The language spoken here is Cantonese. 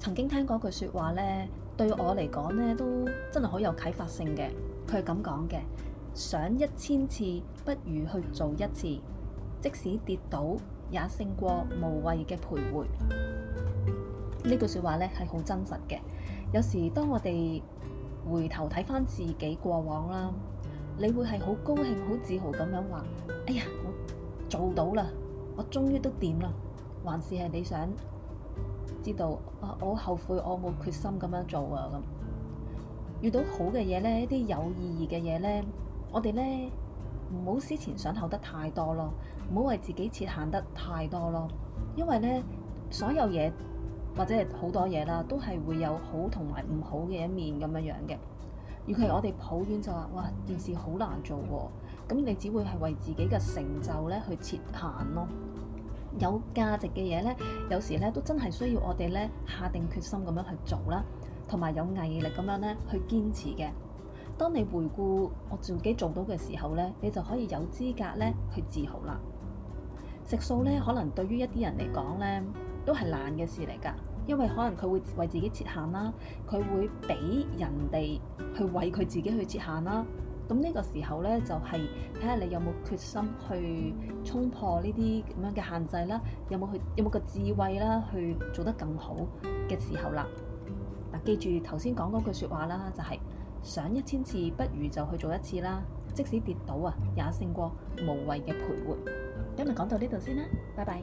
曾經聽過句説話咧，對我嚟講咧都真係好有啟發性嘅。佢係咁講嘅：「想一千次，不如去做一次；即使跌倒，也勝過無謂嘅徘徊。」呢句説話咧係好真實嘅。有時當我哋回頭睇翻自己過往啦，你會係好高興、好自豪咁樣話：哎呀，我做到啦，我終於都掂啦，還是係你想。知道啊！我後悔，我冇決心咁樣做啊！咁遇到好嘅嘢呢，一啲有意義嘅嘢呢，我哋呢唔好思前想後得太多咯，唔好為自己設限得太多咯。因為呢，所有嘢或者係好多嘢啦，都係會有好同埋唔好嘅一面咁樣樣嘅。尤其我哋抱怨就話哇件事好難做喎，啊，咁你只會係為自己嘅成就呢去設限咯。有價值嘅嘢呢，有時呢都真係需要我哋呢下定決心咁樣去做啦，同埋有毅力咁樣呢去堅持嘅。當你回顧我自己做到嘅時候呢，你就可以有資格呢去自豪啦。食素呢，可能對於一啲人嚟講呢，都係難嘅事嚟㗎，因為可能佢會為自己設限啦，佢會俾人哋去為佢自己去設限啦。咁呢個時候呢，就係睇下你有冇決心去衝破呢啲咁樣嘅限制啦，有冇去有冇個智慧啦，去做得更好嘅時候啦。嗱，記住頭先講嗰句説話啦，就係，就係想一千次，不如就去做一次啦。即使跌倒啊，也勝過無謂嘅徘徊。今日講到呢度先啦，拜拜。